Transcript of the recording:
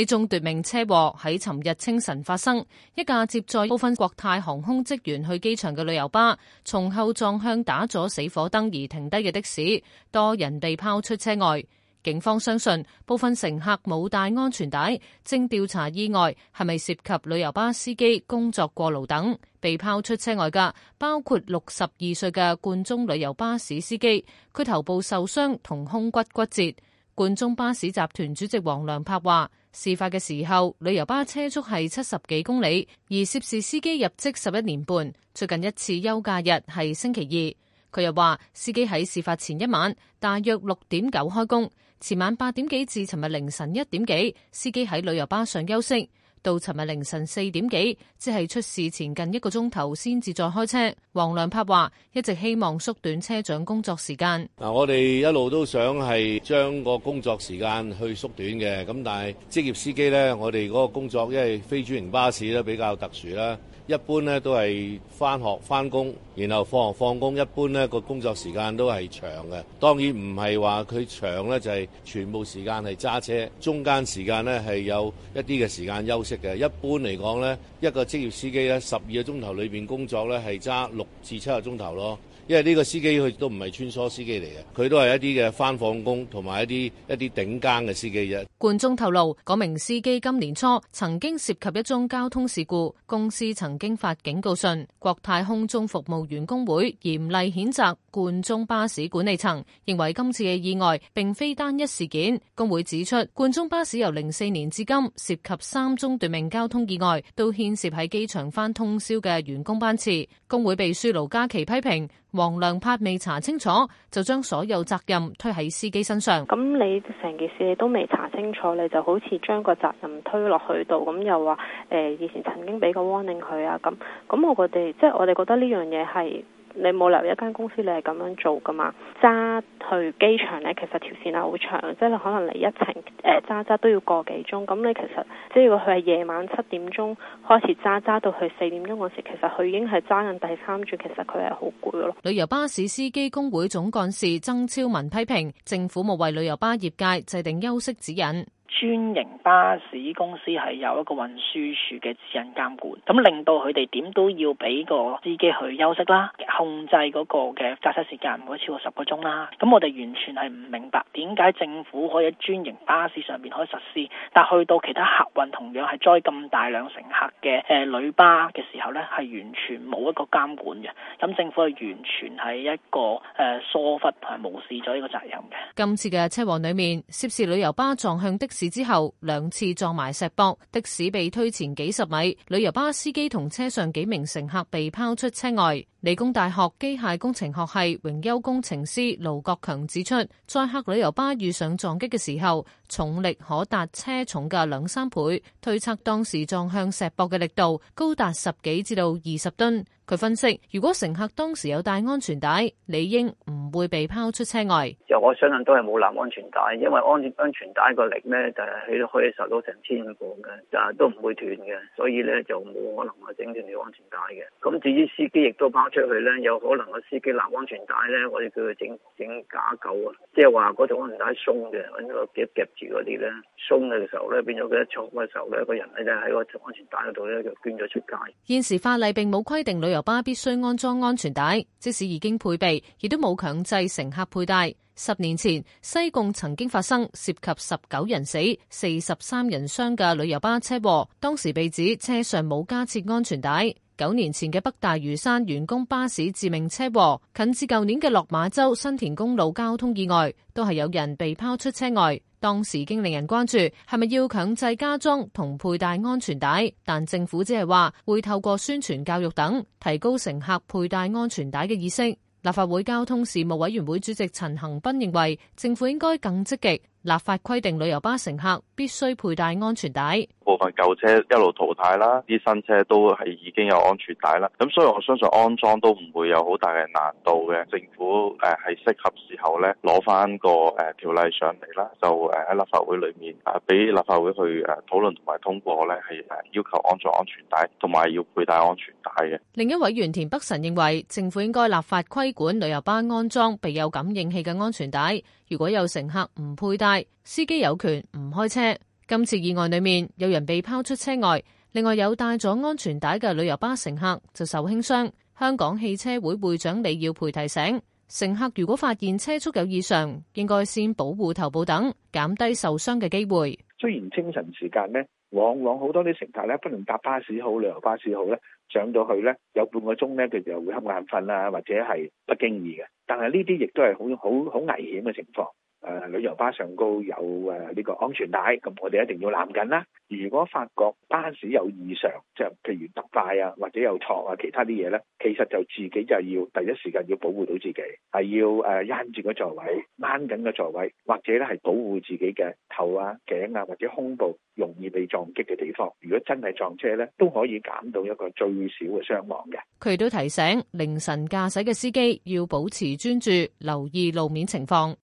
呢宗奪命車禍喺尋日清晨發生，一架接載部分國泰航空職員去機場嘅旅遊巴，從後撞向打咗死火燈而停低嘅的，的士，多人被拋出車外。警方相信部分乘客冇戴安全帶，正調查意外係咪涉及旅遊巴司機工作過勞等。被拋出車外嘅，包括六十二歲嘅冠忠旅遊巴士司機，佢頭部受傷同胸骨骨折。冠忠巴士集團主席黃良柏話。事發嘅時候，旅遊巴車速係七十幾公里，而涉事司機入職十一年半，最近一次休假日係星期二。佢又話，司機喺事發前一晚大約六點九開工，前晚八點幾至尋日凌晨一點幾，司機喺旅遊巴上休息。到尋日凌晨四點幾，即係出事前近一個鐘頭先至再開車。黃亮柏話：一直希望縮短車長工作時間。嗱，我哋一路都想係將個工作時間去縮短嘅，咁但係職業司機咧，我哋嗰個工作因為非專營巴士咧，比較特殊啦。一般咧都係翻學翻工，然後放學放工。一般咧個工作時間都係長嘅。當然唔係話佢長咧，就係全部時間係揸車。中間時間咧係有一啲嘅時間休息嘅。一般嚟講咧，一個職業司機咧，十二個鐘頭裏邊工作咧係揸六至七個鐘頭咯。因為呢個司機佢都唔係穿梭司機嚟嘅，佢都係一啲嘅翻放工同埋一啲一啲頂更嘅司機啫。冠忠透露，嗰名司機今年初曾經涉及一宗交通事故，公司曾經發警告信。國泰空中服務員工會嚴厲譴責冠忠巴士管理層，認為今次嘅意外並非單一事件。工會指出，冠忠巴士由零四年至今涉及三宗奪命交通意外，都牽涉喺機場翻通宵嘅員工班次。工會秘書盧嘉琪批評黃亮柏未查清楚，就將所有責任推喺司機身上。咁你成件事都未查清？錯，你就好似將個責任推落去度，咁又話誒，以前曾經俾過 warning 佢啊，咁，咁我哋即係我哋覺得呢樣嘢係。 你冇理由一間公司，你係咁樣做噶嘛？揸去機場呢，其實條線係好長，即係可能你一程誒揸揸都要個幾鐘。咁你其實即係如果佢係夜晚七點鐘開始揸揸到去四點鐘嗰時，其實佢已經係揸緊第三轉，其實佢係好攰咯。旅遊巴士司機工會總幹事曾超文批評政府冇為旅遊巴業界制定休息指引。專營巴士公司係有一個運輸署嘅指引監管，咁令到佢哋點都要俾個司機去休息啦。控制嗰個嘅駕車時間唔可以超過十個鐘啦。咁我哋完全係唔明白點解政府可以喺專營巴士上邊可以實施，但去到其他客運同樣係載咁大量乘客嘅誒旅巴嘅時候咧，係、呃呃呃呃呃、完全冇一個監管嘅。咁政府係完全係一個誒疏忽同埋無視咗呢個責任嘅。今次嘅車禍裏面，涉事旅遊巴撞向的士之後兩次撞埋石壆，的士被推前幾十米，旅遊巴司機同車上幾名乘客被拋出車外。理工大學機械工程學系榮休工程師盧國強指出，載客旅遊巴遇上撞擊嘅時候，重力可達車重嘅兩三倍，推測當時撞向石壆嘅力度高達十幾至到二十噸。佢分析，如果乘客當時有帶安全帶，理應唔會被拋出車外。又我相信都係冇拉安全帶，因為安安全帶個力呢，就係佢都可以受到成千磅嘅，但係都唔會斷嘅，所以咧就冇可能話整斷條安全帶嘅。咁至於司機亦都拋出去咧，有可能個司機拉安全帶咧，我哋叫佢整整假狗啊，即係話嗰條安全帶鬆嘅，揾個夾夾住嗰啲咧鬆嘅時候咧，變咗佢一坐嘅時候咧，個人咧就喺個安全帶嗰度咧就捐咗出街。現時法例並冇規定旅遊。巴必須安裝安全帶，即使已經配備，亦都冇強制乘客佩戴。十年前，西貢曾經發生涉及十九人死、四十三人傷嘅旅遊巴車禍，當時被指車上冇加設安全帶。九年前嘅北大嶼山員工巴士致命車禍，近至舊年嘅落馬洲新田公路交通意外，都係有人被拋出車外。當時已經令人關注，係咪要強制加裝同佩戴安全帶？但政府只係話會透過宣傳教育等提高乘客佩戴安全帶嘅意識。立法會交通事務委員會主席陳恒斌認為，政府應該更積極。立法規定旅遊巴乘客必須佩戴安全帶。部分舊車一路淘汰啦，啲新車都係已經有安全帶啦，咁所以我相信安裝都唔會有好大嘅難度嘅。政府誒係適合時候咧，攞翻個誒條例上嚟啦，就誒喺立法會裏面啊，俾立法會去誒討論同埋通過咧，係誒要求安裝安全帶，同埋要佩戴安全帶嘅。另一位原田北辰認為，政府應該立法規管旅遊巴安裝備有感應器嘅安全帶。如果有乘客唔佩戴，司機有權唔開車。今次意外裏面有人被拋出車外，另外有戴咗安全帶嘅旅遊巴乘客就受輕傷。香港汽車會會長李耀培提醒乘客，如果發現車速有異常，應該先保護頭部等，減低受傷嘅機會。雖然清晨時間呢，往往好多啲乘客咧，不論搭巴士好，旅遊巴士好咧，上到去咧，有半個鐘咧，佢就會瞌眼瞓啊，或者係不經意嘅。但係呢啲亦都係好好好危險嘅情況。誒，旅遊巴上高有誒呢個安全帶，咁我哋一定要攬緊啦。如果發覺巴士有異常，即係譬如突快啊，或者有錯啊，其他啲嘢咧，其實就自己就要第一時間要保護到自己，係要誒，踎住個座位，踭緊個座位，或者咧係保護自己嘅頭啊、頸啊或者胸部容易被撞擊嘅地方。如果真係撞車咧，都可以減到一個最少嘅傷亡嘅。佢都提醒凌晨駕駛嘅司機要保持專注，留意路面情況。